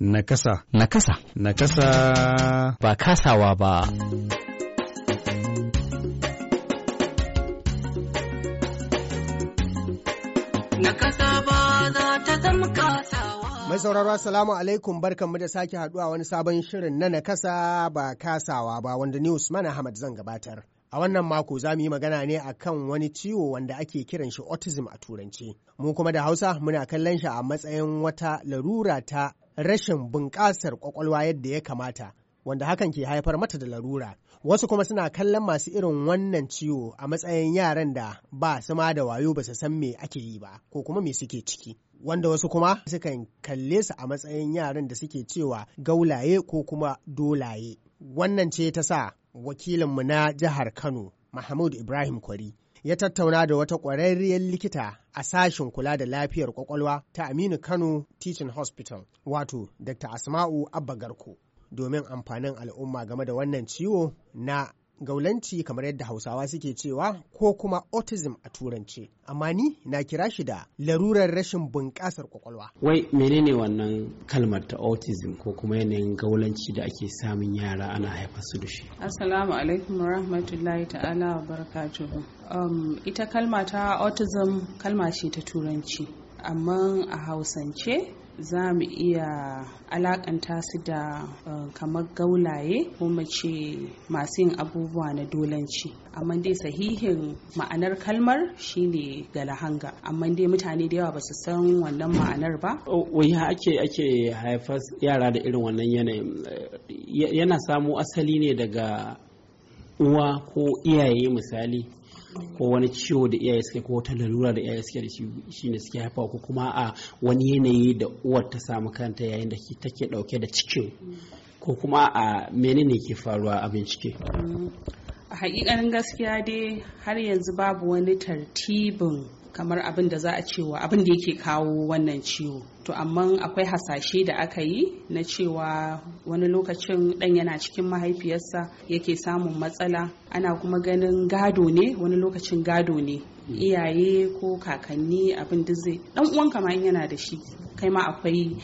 Nakasa. Nakasa. Nakasa. Ba kasawa ba. Nakasa ba za ta zama kasawa. Mai sauraro Assalamu alaikum barkanmu da sake haɗuwa wani sabon shirin na nakasa ba kasawa ba wanda ni Usman Ahmad zan gabatar. A wannan mako za mu yi magana ne a kan wani ciwo wanda ake kiran shi autism a turanci. Mu kuma da Hausa muna kallon shi a matsayin wata larura ta rashin bunƙasar ƙwaƙwalwa yadda ya kamata wanda hakan ke haifar mata da larura wasu kuma suna kallon masu irin wannan ciwo a matsayin yaran da ba su ma da wayo ba su san me ake yi ba ko kuma me suke ciki wanda wasu kuma sukan kalle su a matsayin yaran da suke cewa gaulaye ko kuma dolaye wannan ce ta sa wakilinmu na jihar kano mahmud ibrahim kwari ya tattauna da wata ƙwararriyar likita a sashen kula da lafiyar kwakwalwa ta Aminu Kano Teaching Hospital, wato Dr. Asma'u Abba Garko, domin amfanin al'umma game da wannan ciwo na gaulanci kamar yadda hausawa suke cewa ko kuma autism a turance amma ni na kira shi da larurar rashin bunƙasar kwakwalwa wai menene wannan kalmar ta autism ko kuma yanayin gaulanci da ake samun yara ana haifar su da shi assalamu alaikum rahmatullahi ta'ala wa barakatuhu Um, ita kalma ta autism kalma ce ta turanci amma a hausance za mu iya alakanta su da uh, kamar gaulaye ko mace masu yin abubuwa na dolanci amma dai sahihin ma'anar kalmar shine ga lahanga, amma dai mutane da yawa ba su san wannan ma'anar ba oh, wai ake ake haifar yara da irin wannan yanayin yana samo asali ne daga uwa ko iyaye misali ko wani ciwo da iyaye suke ko wata lalura da iyaye suke da shi ne suke haifa ko kuma a wani yanayi da uwar ta samu kanta yayin da take dauke da cikin ko kuma a menene ke faruwa a bincike a hakikanin gaskiya dai har yanzu babu wani tartibin kamar abin da za a cewa abin da yake kawo wannan ciwo to amma akwai hasashe da aka yi na cewa wani lokacin dan yana cikin mahaifiyarsa yake samun matsala ana kuma ganin gado ne wani lokacin gado ne hmm. iyaye ko kakanni abin da zai dan uwanka ma yana da shi kai ma akwai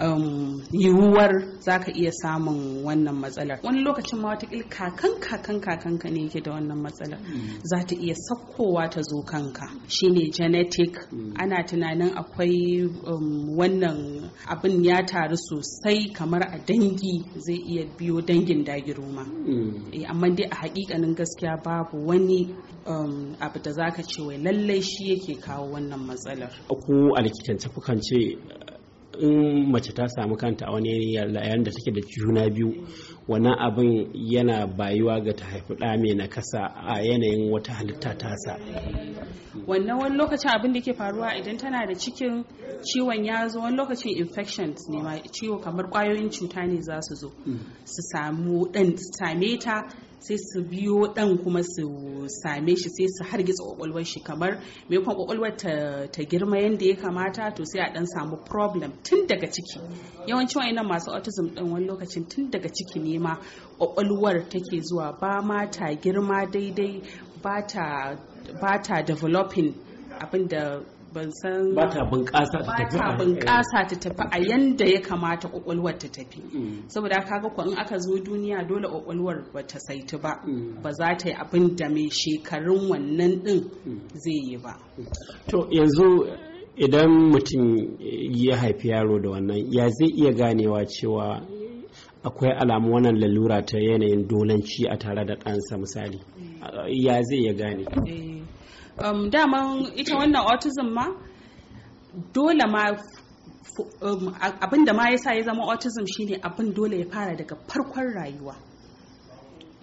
um, yiwuwar za ka iya samun wannan matsalar wani lokacin ma watakil kakan kakan ka ne yake da wannan matsalar mm. za ta iya sakkowa ta zo kanka shine genetic mm. ana tunanin akwai um, wannan abin ya taru sosai kamar a dangi zai iya biyo dangin dagiruma hmm. eh, amma dai a hakikanin gaskiya babu wani um, abu da zaka ce wai lallai shi yake kawo wannan matsalar ku a likitance kukan ce in mace ta samu kanta a wani yayin da take da juna biyu wannan abin yana bayuwa ga ta haifi ɗa mai nakasa a yanayin wata halitta ta sa. wannan wani lokacin abin da ke faruwa idan tana da cikin ciwon ya zo wani lokacin infections ne ma ciwo kamar kwayoyin cuta ne za su zo su same ta sai su biyo dan kuma su same shi sai su hargitsa kwakwalwar shi kamar maimakon kwakwalwar ta girma yadda ya kamata to sai a dan samu problem tun daga ciki yawancin wayannan masu autism din wani lokacin tun daga ciki ne ma kwakwalwar take zuwa ba ma ta girma daidai ba ta developing abin da ban san bunƙasa ta tafi ba bunƙasa ta tafi a yanda ya kamata kwakwalwar ta tafi mm. saboda kaga ko in aka zo duniya dole kwakwalwar ba ta saitu ba mm. ba za ta yi abin da mai shekarun wannan din mm. zai yi ba to yanzu idan mutum ya haifi yaro da wannan ya zai iya ganewa cewa akwai alamu wannan lalura ta yanayin dolanci a tare da ɗansa misali ya zai iya gane eh, um, daman ita wannan autism ma dole ma um, abin da ma ya sa ya zama autism shine abin dole ya fara daga farkon rayuwa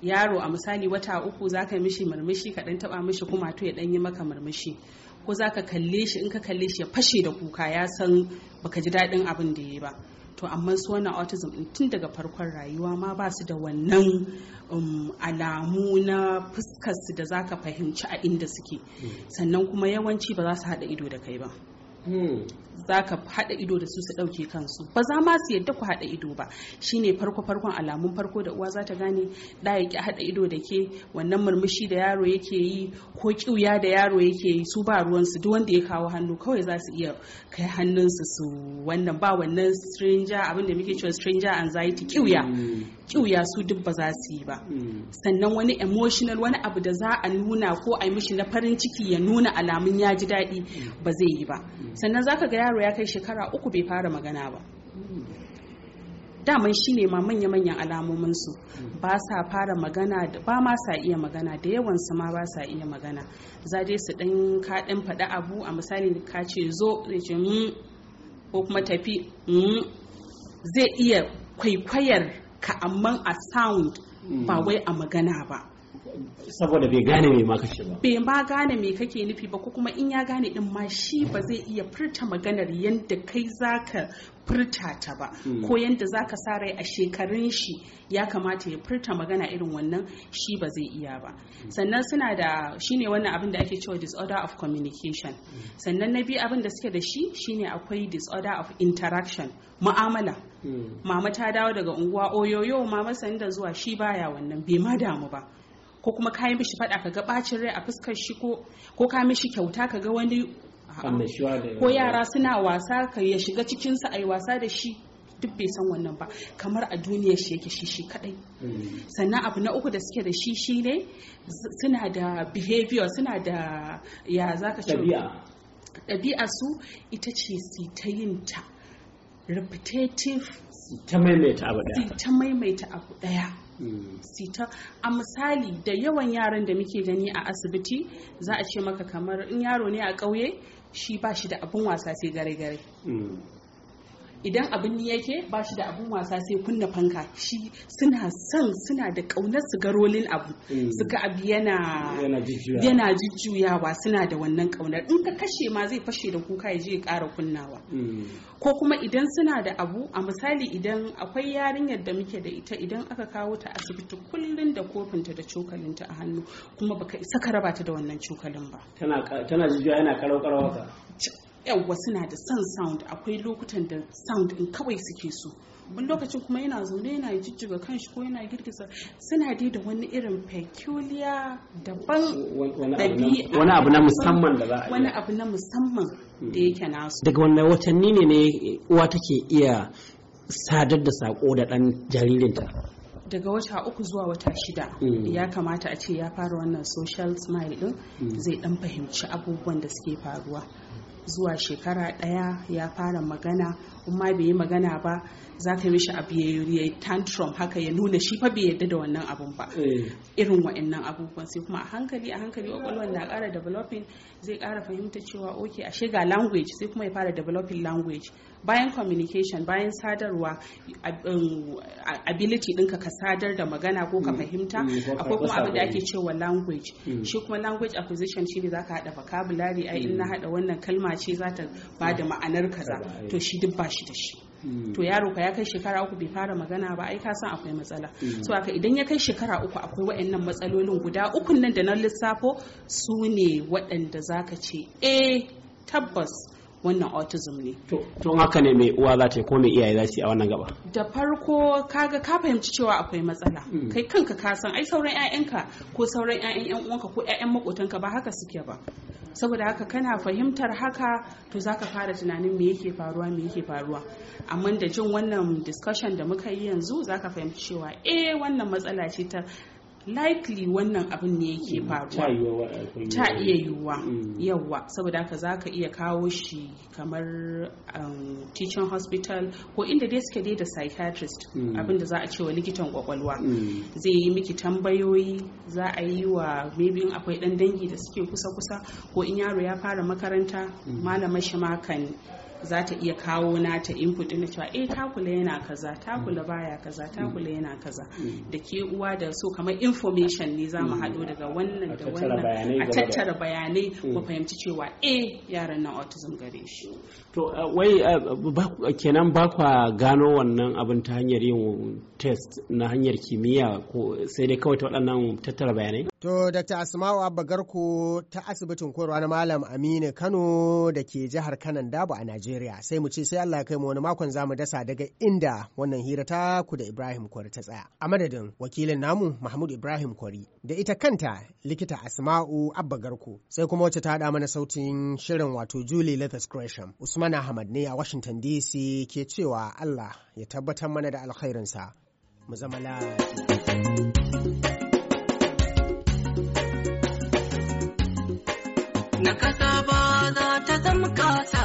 yaro a misali wata uku za ka mishi murmushi ka dan taba mishi kuma to ya dan yi maka murmushi ko za ka kalle shi in ka kalle shi ya fashe da kuka ya san baka ji daɗin abin da ya yi ba to amma su wannan autism tun daga farkon rayuwa ma ba su da wannan um, alamu na fuskar su da zaka fahimci a inda suke mm. sannan kuma yawanci ba za su haɗa ido da kai ba za ka haɗa ido da su su ɗauke kansu ba za ma su yadda ku haɗa ido ba shine farko farkon alamun farko da uwa za ta gane da ya ki haɗa ido da ke wannan murmushi da yaro yake yi ko ƙiuya da yaro yake yi su ba ruwansu duk wanda ya kawo hannu kawai za su iya kai hannunsu su wannan ba wannan stranger abin da muke cewa stranger anxiety ƙiuya ƙiuya su duk ba za su yi ba sannan wani emotional wani abu da za a nuna ko a yi mishi na farin ciki ya nuna alamun ya ji daɗi ba zai yi ba sannan zaka ga yaro ya kai shekara uku bai fara magana ba daman shine ma manya-manyan alamominsu ba sa fara magana ba ma sa iya magana da yawansu ma ba sa iya magana za dai su ɗan kaɗin faɗi abu a misali ka ce zo zai ce mm, ko kuma tafi mm. zai iya kwaikwayar ka amma a sound ba mm. wai a magana ba saboda bai gane me ma kashe ba bai ma gane me kake nufi ba ko kuma in ya gane din ma shi ba zai iya furta maganar yadda kai zaka furta ta ba hmm. ko yadda zaka sa rai a shekarun shi ya kamata ya furta magana irin wannan shi ba zai iya ba hmm. sannan suna da shine wannan abin da ake cewa disorder of communication hmm. sannan na biyu abin da suke da shi shine akwai disorder of interaction mu'amala mama ta dawo daga unguwa oyoyo mama sanda zuwa shi baya wannan bai ma damu ba ko kuma ka yi mishi faɗa ka ga bacin rai a fuskar shi ko ka mishi kyauta ka ga wani ko yara suna wasa ka ya shiga cikinsa a yi wasa da shi duk bai san wannan ba kamar a duniya shi yake shi shi kadai mm. sannan abu na uku da suke da shi shi ne suna da behavior suna da ya za ka ce ɗabi'a su ita ce su ta yin ta repetitive ta maimaita abu daya sita a misali da yawan yaran da muke gani a asibiti za a ce maka kamar in yaro ne a ƙauye shi ba shi da abin wasa sai gare-gare mm. idan abin ni yake ba shi da abun wasa sai kunna fanka shi suna son suna da kaunar mm. su ga abu suka abu yana yana jujjuyawa suna da wannan kaunar in ka kashe ma zai fashe da kuka ya je ya ƙara kunnawa mm. ko kuma idan suna da abu a misali idan akwai yarinyar da muke da ita idan aka kawo ta asibiti kullum da kofinta da cokalinta a hannu kuma baka isa ka raba ta da wannan cokalin ba tana jujjuya yana karau karau yawwa suna da son sound akwai lokutan da sound in kawai suke so bin lokacin kuma yana zaune yana jijjiga kanshi ko yana girgiza suna dai da wani irin peculiar daban wani abu na musamman da za a wani abu na musamman da yake nasu daga wannan watanni ne ne uwa take iya sadar da sako da dan jaririnta daga wata uku zuwa wata shida mm. ya kamata a ce ya fara wannan social smile din mm. zai dan fahimci abubuwan da suke faruwa zuwa shekara ɗaya ya fara magana kuma bai yi magana ba za ka mishi abu ya yi tantrum haka ya nuna shi fa bai yadda da wannan abun ba eh. irin wa'annan abubuwan sai kuma a hankali a hankali kwakwalwar na ƙara developing zai kara fahimta cewa ok ashe ga language sai kuma ya fara developing language bayan communication bayan sadarwa um, ability ɗinka ka sadar da magana ko ka mm. fahimta mm, akwai kuma abu da ake cewa language mm. shi kuma language acquisition shi ne za ka haɗa vocabulary ai in na haɗa wannan kalma ce za ta ba da ma'anar kaza to shi duk ba shi da shi to yaro ka ya kai shekara uku bai fara magana ba ai ka san akwai matsala so haka idan ya kai shekara uku akwai waɗannan matsalolin guda ukun nan da na lissafo su ne waɗanda ka ce eh tabbas wannan autism ne to haka ne mai uwa za ta yi ko mai iyaye za su yi a wannan gaba da farko kaga ka fahimci cewa akwai matsala hmm. kai kanka ka san ai sauran 'ya'yanka ko sauran 'ya'yan 'yan uwanka ko 'ya'yan makotanka ba haka suke ba saboda haka kana fahimtar haka to zaka fara tunanin me yake faruwa me yake faruwa amma da jin wannan discussion da muka yi yanzu zaka fahimci cewa eh wannan matsala ce ta likely wannan abin ne yake mm, faruwa ta iya yiwuwa mm. yawa saboda haka za ka iya kawo shi kamar um, teaching hospital ko inda dai suke dai da psychiatrist mm. abin da za a ce wa likitan kwakwalwa zai yi miki tambayoyi za a yi wa maybe in akwai dan dangi da suke kusa-kusa ko in yaro ya fara makaranta malamar shi ma kan za ta iya kawo na ta input na cewa eh takula yana kaza takula baya kaza takula yana kaza mm. da ke uwa da so kamar information ne za mu mm. hado daga wannan da wannan a tattara bayanai mu mm. fahimci cewa eh yaran nan autism gare shi to uh, wai uh, kenan ba kwa gano wannan abin ta hanyar yin test na hanyar kimiyya ko sai dai kawai ta waɗannan tattara bayanai To, Dr. Asma'u Abba ta asibitin koyarwa na Malam Aminu Kano da ke jihar Kanan Dabo a Najeriya. Sai mu ce sai Allah kai mu wani makon zamu dasa daga inda wannan hira ta ku da Ibrahim Kwari ta tsaya. A madadin wakilin namu Mahmud Ibrahim Kwari da ita kanta likita Asma'u Abba Sai kuma wacce ta haɗa mana sautin shirin wato Julie Lethus Gresham. Usman Ahmad ne a Washington DC ke cewa Allah ya tabbatar mana da alkhairinsa. Mu zama lafiya. ta kasa ba za ta zama kasa